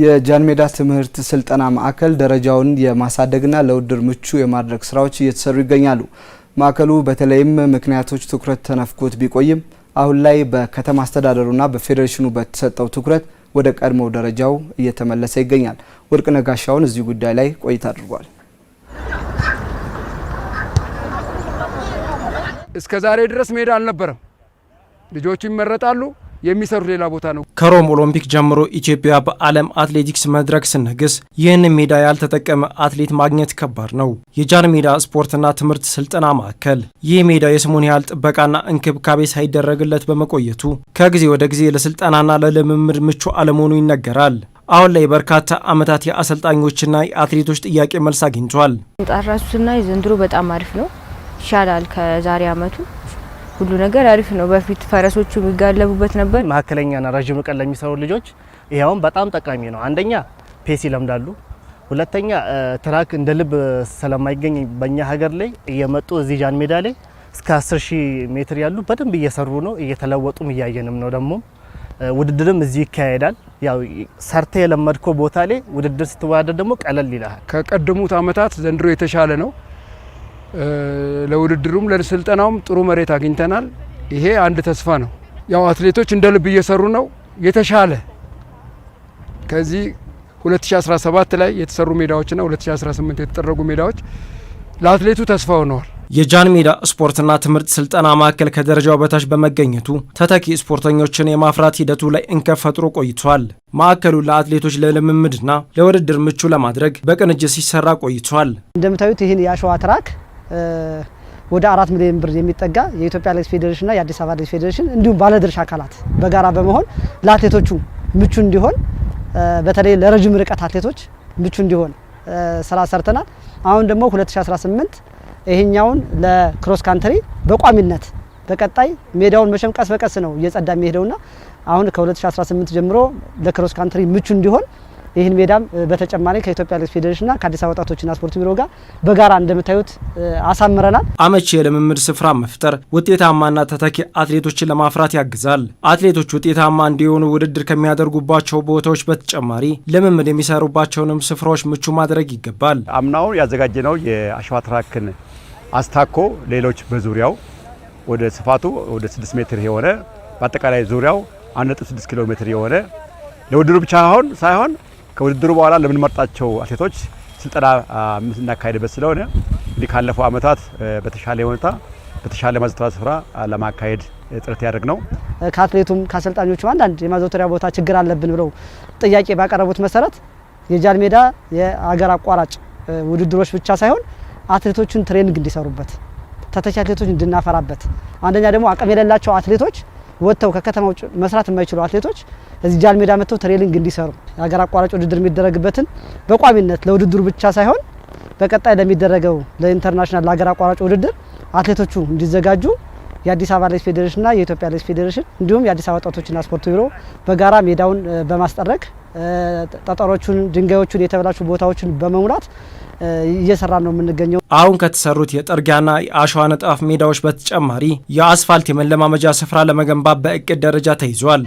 የጃንሜዳ ትምህርት ስልጠና ማዕከል ደረጃውን የማሳደግና ለውድድር ምቹ የማድረግ ስራዎች እየተሰሩ ይገኛሉ። ማዕከሉ በተለይም ምክንያቶች ትኩረት ተነፍጎት ቢቆይም አሁን ላይ በከተማ አስተዳደሩና በፌዴሬሽኑ በተሰጠው ትኩረት ወደ ቀድሞው ደረጃው እየተመለሰ ይገኛል። ወርቅ ነጋሻውን እዚህ ጉዳይ ላይ ቆይታ አድርጓል። እስከ ዛሬ ድረስ ሜዳ አልነበረም። ልጆቹ ይመረጣሉ። የሚሰሩ ሌላ ቦታ ነው። ከሮም ኦሎምፒክ ጀምሮ ኢትዮጵያ በዓለም አትሌቲክስ መድረክ ስንግስ ይህን ሜዳ ያልተጠቀመ አትሌት ማግኘት ከባድ ነው። የጃን ሜዳ ስፖርትና ትምህርት ስልጠና ማዕከል ይህ ሜዳ የስሙን ያህል ጥበቃና እንክብካቤ ሳይደረግለት በመቆየቱ ከጊዜ ወደ ጊዜ ለስልጠናና ለልምምድ ምቹ አለመሆኑ ይነገራል። አሁን ላይ በርካታ ዓመታት የአሰልጣኞችና የአትሌቶች ጥያቄ መልስ አግኝቷል። ጠራሱና የዘንድሮ በጣም አሪፍ ነው፣ ይሻላል ከዛሬ ዓመቱ ሁሉ ነገር አሪፍ ነው። በፊት ፈረሶቹ የሚጋለቡበት ነበር። መካከለኛና ረዥም ርቀት ለሚሰሩ ልጆች ይሄውም በጣም ጠቃሚ ነው። አንደኛ ፔስ ይለምዳሉ። ሁለተኛ ትራክ እንደ ልብ ስለማይገኝ በእኛ ሀገር ላይ እየመጡ እዚህ ጃን ሜዳ ላይ እስከ 10000 ሜትር ያሉ በደንብ እየሰሩ ነው። እየተለወጡም እያየንም ነው። ደግሞ ውድድርም እዚህ ይካሄዳል። ያው ሰርተ የለመድኮ ቦታ ላይ ውድድር ስትወዳደር ደግሞ ቀለል ይላል። ከቀደሙት አመታት ዘንድሮ የተሻለ ነው። ለውድድሩም ለስልጠናውም ጥሩ መሬት አግኝተናል። ይሄ አንድ ተስፋ ነው። ያው አትሌቶች እንደ ልብ እየሰሩ ነው። የተሻለ ከዚህ 2017 ላይ የተሰሩ ሜዳዎችና 2018 የተጠረጉ ሜዳዎች ለአትሌቱ ተስፋ ሆነዋል። የጃን ሜዳ ስፖርትና ትምህርት ስልጠና ማዕከል ከደረጃው በታች በመገኘቱ ተተኪ ስፖርተኞችን የማፍራት ሂደቱ ላይ እንከን ፈጥሮ ቆይቷል። ማዕከሉ ለአትሌቶች ለልምምድና ለውድድር ምቹ ለማድረግ በቅንጅት ሲሰራ ቆይቷል። እንደምታዩት ይህን የአሸዋ ትራክ ወደ አራት ሚሊዮን ብር የሚጠጋ የኢትዮጵያ አትሌቲክስ ፌዴሬሽንና የአዲስ አበባ አትሌቲክስ ፌዴሬሽን እንዲሁም ባለድርሻ አካላት በጋራ በመሆን ለአትሌቶቹ ምቹ እንዲሆን በተለይ ለረጅም ርቀት አትሌቶች ምቹ እንዲሆን ስራ ሰርተናል። አሁን ደግሞ 2018 ይሄኛውን ለክሮስ ካንትሪ በቋሚነት በቀጣይ ሜዳውን መቼም ቀስ በቀስ ነው እየጸዳ የሚሄደውና አሁን ከ2018 ጀምሮ ለክሮስ ካንትሪ ምቹ እንዲሆን ይህን ሜዳም በተጨማሪ ከኢትዮጵያ አትሌቲክስ ፌዴሬሽንና ከአዲስ አበባ ወጣቶችና ስፖርት ቢሮ ጋር በጋራ እንደምታዩት አሳምረናል። አመቺ የልምምድ ስፍራ መፍጠር ውጤታማና ተተኪ አትሌቶችን ለማፍራት ያግዛል። አትሌቶች ውጤታማ እንዲሆኑ ውድድር ከሚያደርጉባቸው ቦታዎች በተጨማሪ ልምምድ የሚሰሩባቸውንም ስፍራዎች ምቹ ማድረግ ይገባል። አምናውን ያዘጋጀነው የአሸዋ ትራክን አስታኮ ሌሎች በዙሪያው ወደ ስፋቱ ወደ 6 ሜትር የሆነ በአጠቃላይ ዙሪያው 1.6 ኪሎ ሜትር የሆነ ለውድድሩ ብቻ ሳይሆን ከውድድሩ በኋላ ለምንመርጣቸው አትሌቶች ስልጠና የምናካሄድበት ስለሆነ እንግዲህ ካለፈው ዓመታት በተሻለ ሁኔታ በተሻለ ማዘውተሪያ ስፍራ ለማካሄድ ጥረት ያደርግ ነው። ከአትሌቱም ከአሰልጣኞቹም አንዳንድ የማዘውተሪያ ቦታ ችግር አለብን ብለው ጥያቄ ባቀረቡት መሰረት የጃል ሜዳ የአገር አቋራጭ ውድድሮች ብቻ ሳይሆን አትሌቶቹን ትሬኒንግ እንዲሰሩበት ተተኪ አትሌቶች እንድናፈራበት አንደኛ ደግሞ አቅም የሌላቸው አትሌቶች ወጥተው ከከተማ ውጭ መስራት የማይችሉ አትሌቶች እዚህ ጃል ሜዳ መጥተው ትሬኒንግ እንዲሰሩ የሀገር አቋራጭ ውድድር የሚደረግበትን በቋሚነት ለውድድሩ ብቻ ሳይሆን በቀጣይ ለሚደረገው ለኢንተርናሽናል ለሀገር አቋራጭ ውድድር አትሌቶቹ እንዲዘጋጁ የአዲስ አበባ ሬስ ፌዴሬሽንና የኢትዮጵያ ሌስ ፌዴሬሽን እንዲሁም የአዲስ አበባ ወጣቶችና ስፖርት ቢሮ በጋራ ሜዳውን በማስጠረቅ ጠጠሮቹን፣ ድንጋዮቹን፣ የተበላሹ ቦታዎችን በመሙላት እየሰራ ነው የምንገኘው። አሁን ከተሰሩት የጠርጊያና የአሸዋ ንጣፍ ሜዳዎች በተጨማሪ የአስፋልት የመለማመጃ ስፍራ ለመገንባት በእቅድ ደረጃ ተይዟል።